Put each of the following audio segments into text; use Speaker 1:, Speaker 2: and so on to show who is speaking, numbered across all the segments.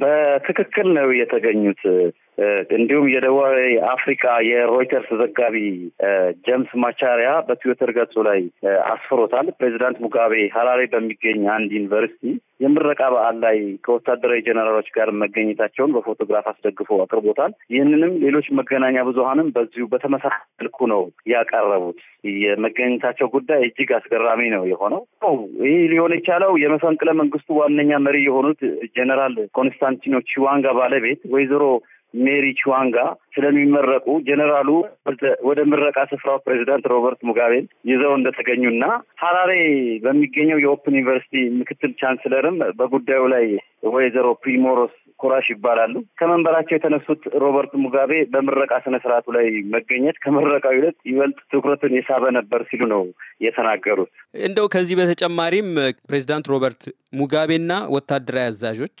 Speaker 1: በትክክል ነው የተገኙት። እንዲሁም የደቡባዊ አፍሪካ የሮይተርስ ዘጋቢ ጀምስ ማቻሪያ በትዊተር ገጹ ላይ አስፍሮታል። ፕሬዚዳንት ሙጋቤ ሀራሬ በሚገኝ አንድ ዩኒቨርሲቲ የምረቃ በዓል ላይ ከወታደራዊ ጀነራሎች ጋር መገኘታቸውን በፎቶግራፍ አስደግፎ አቅርቦታል። ይህንንም ሌሎች መገናኛ ብዙሀንም በዚሁ በተመሳሳይ መልኩ ነው ያቀረቡት። የመገኘታቸው ጉዳይ እጅግ አስገራሚ ነው የሆነው። ይህ ሊሆን የቻለው የመፈንቅለ መንግስቱ ዋነኛ መሪ የሆኑት ጀነራል ኮንስታንቲኖ ቺዋንጋ ባለቤት ወይዘሮ ሜሪ ቹዋንጋ ስለሚመረቁ ጀኔራሉ ወደ ምረቃ ስፍራው ፕሬዚዳንት ሮበርት ሙጋቤን ይዘው እንደተገኙና ሀራሬ በሚገኘው የኦፕን ዩኒቨርሲቲ ምክትል ቻንስለርም በጉዳዩ ላይ ወይዘሮ ፕሪሞሮስ ኩራሽ ይባላሉ። ከመንበራቸው የተነሱት ሮበርት ሙጋቤ በምረቃ ስነ ስርዓቱ ላይ መገኘት ከምረቃው ይለት ይበልጥ ትኩረትን የሳበ ነበር ሲሉ ነው የተናገሩት።
Speaker 2: እንደው ከዚህ በተጨማሪም ፕሬዚዳንት ሮበርት ሙጋቤና ወታደራዊ አዛዦች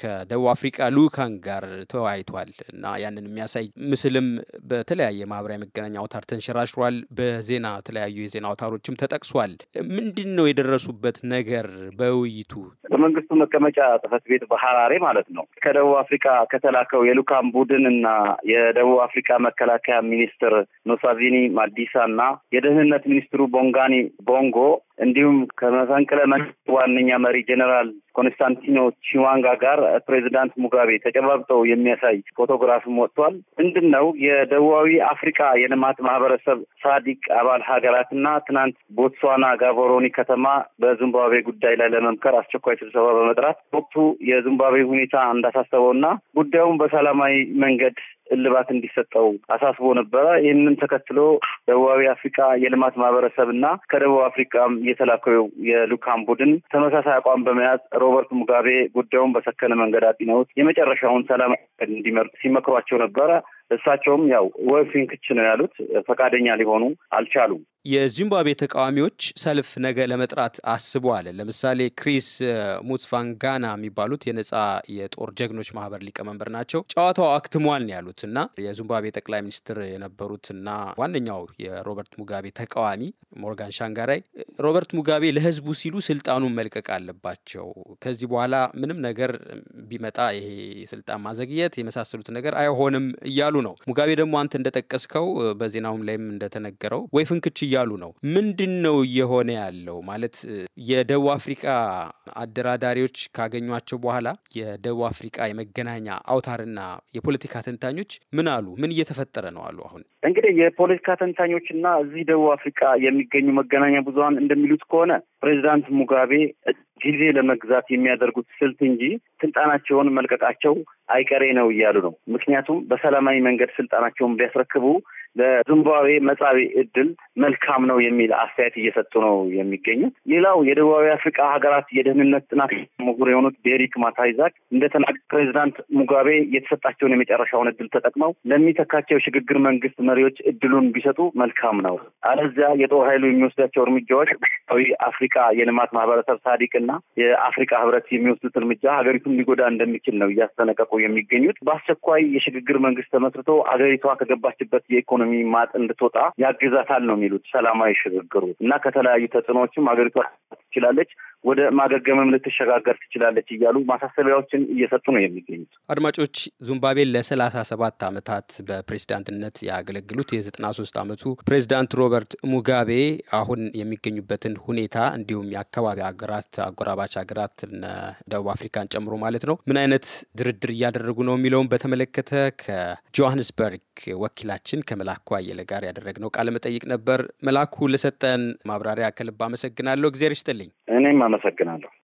Speaker 2: ከደቡብ አፍሪካ ሉካን ጋር ተወያይቷል እና ያንን የሚያሳይ ምስልም በተለያየ ማህበራዊ መገናኛ አውታር ተንሸራሽሯል። በዜና የተለያዩ የዜና አውታሮችም ተጠቅሷል። ምንድን ነው የደረሱበት ነገር በውይይቱ
Speaker 1: በመንግስቱ መቀመጫ ጽህፈት ቤት በሀራሬ ማለት ነው ከደቡብ አፍሪካ ከተላከው የልኡካን ቡድን እና የደቡብ አፍሪካ መከላከያ ሚኒስትር ኖሳቪኒ ማዲሳ እና የደህንነት ሚኒስትሩ ቦንጋኒ ቦንጎ እንዲሁም ከመፈንቅለ መንግስት ዋነኛ መሪ ጀኔራል ኮንስታንቲኖ ቺዋንጋ ጋር ፕሬዚዳንት ሙጋቤ ተጨባብጠው የሚያሳይ ፎቶግራፍም ወጥቷል። ምንድን ነው የደቡባዊ አፍሪካ የልማት ማህበረሰብ ሳዲቅ አባል ሀገራትና ትናንት ቦትስዋና ጋቦሮኒ ከተማ በዚምባብዌ ጉዳይ ላይ ለመምከር አስቸኳይ ስብሰባ በመጥራት ወቅቱ የዚምባብዌ ሁኔታ እንዳሳሰበውና ጉዳዩን በሰላማዊ መንገድ እልባት እንዲሰጠው አሳስቦ ነበረ። ይህንን ተከትሎ ደቡባዊ አፍሪካ የልማት ማህበረሰብ እና ከደቡብ አፍሪካም የተላከው የልዑካን ቡድን ተመሳሳይ አቋም በመያዝ ሮበርት ሙጋቤ ጉዳዩን በሰከነ መንገድ አጢነውት የመጨረሻውን ሰላም እንዲመር ሲመክሯቸው ነበረ። እሳቸውም ያው ወፊን ክች ነው ያሉት ፈቃደኛ ሊሆኑ አልቻሉም።
Speaker 2: የዚምባብዌ ተቃዋሚዎች ሰልፍ ነገ ለመጥራት አስበዋል። ለምሳሌ ክሪስ ሙትፋንጋና የሚባሉት የነጻ የጦር ጀግኖች ማህበር ሊቀመንበር ናቸው። ጨዋታው አክትሟል ነው ያሉት እና የዚምባብዌ ጠቅላይ ሚኒስትር የነበሩትና ዋነኛው የሮበርት ሙጋቤ ተቃዋሚ ሞርጋን ሻንጋራይ ሮበርት ሙጋቤ ለህዝቡ ሲሉ ስልጣኑን መልቀቅ አለባቸው። ከዚህ በኋላ ምንም ነገር ቢመጣ ይሄ ስልጣን ማዘግየት የመሳሰሉት ነገር አይሆንም እያሉ እያሉ ነው። ሙጋቤ ደግሞ አንተ እንደጠቀስከው በዜናውም ላይም እንደተነገረው ወይ ፍንክች እያሉ ነው። ምንድን ነው እየሆነ ያለው? ማለት የደቡብ አፍሪካ አደራዳሪዎች ካገኟቸው በኋላ የደቡብ አፍሪካ የመገናኛ አውታርና የፖለቲካ ተንታኞች ምን አሉ? ምን እየተፈጠረ ነው አሉ? አሁን
Speaker 1: እንግዲህ የፖለቲካ ተንታኞችና እዚህ ደቡብ አፍሪካ የሚገኙ መገናኛ ብዙሀን እንደሚሉት ከሆነ ፕሬዚዳንት ሙጋቤ ጊዜ ለመግዛት የሚያደርጉት ስልት እንጂ ስልጣናቸውን መልቀቃቸው አይቀሬ ነው እያሉ ነው። ምክንያቱም በሰላማዊ መንገድ ስልጣናቸውን ቢያስረክቡ ለዚምባብዌ መጻዊ እድል መልካም ነው የሚል አስተያየት እየሰጡ ነው የሚገኙት። ሌላው የደቡባዊ አፍሪካ ሀገራት የደህንነት ጥናት ምሁር የሆኑት ቤሪክ ማታይዛክ እንደተናገ ፕሬዚዳንት ሙጋቤ የተሰጣቸውን የመጨረሻውን እድል ተጠቅመው ለሚተካቸው ሽግግር መንግስት መሪዎች እድሉን ቢሰጡ መልካም ነው፣ አለዚያ የጦር ኃይሉ የሚወስዳቸው እርምጃዎች ዊ አፍሪካ የአፍሪካ የልማት ማህበረሰብ ሳዲቅ እና የአፍሪካ ህብረት የሚወስዱት እርምጃ ሀገሪቱን ሊጎዳ እንደሚችል ነው እያስጠነቀቁ የሚገኙት። በአስቸኳይ የሽግግር መንግስት ተመስርቶ አገሪቷ ከገባችበት የኢኮኖሚ ማጥ እንድትወጣ ያግዛታል ነው የሚሉት ሰላማዊ ሽግግሩ እና ከተለያዩ ተጽዕኖዎችም ሀገሪቷ ትችላለች። ወደ ማገገምም ልትሸጋገር ትችላለች እያሉ ማሳሰቢያዎችን
Speaker 2: እየሰጡ ነው የሚገኙት። አድማጮች ዙምባቤ ለሰላሳ ሰባት ዓመታት በፕሬዚዳንትነት ያገለግሉት የዘጠና ሶስት ዓመቱ ፕሬዚዳንት ሮበርት ሙጋቤ አሁን የሚገኙበትን ሁኔታ እንዲሁም የአካባቢ ሀገራት አጎራባች ሀገራት ደቡብ አፍሪካን ጨምሮ ማለት ነው ምን አይነት ድርድር እያደረጉ ነው የሚለውን በተመለከተ ከጆሀንስበርግ ወኪላችን ከመላኩ አየለ ጋር ያደረግነው ቃለመጠይቅ ነበር። መላኩ ለሰጠን ማብራሪያ ከልብ አመሰግናለሁ። እግዜር ይስጥልኝ። እኔም አመሰግናለሁ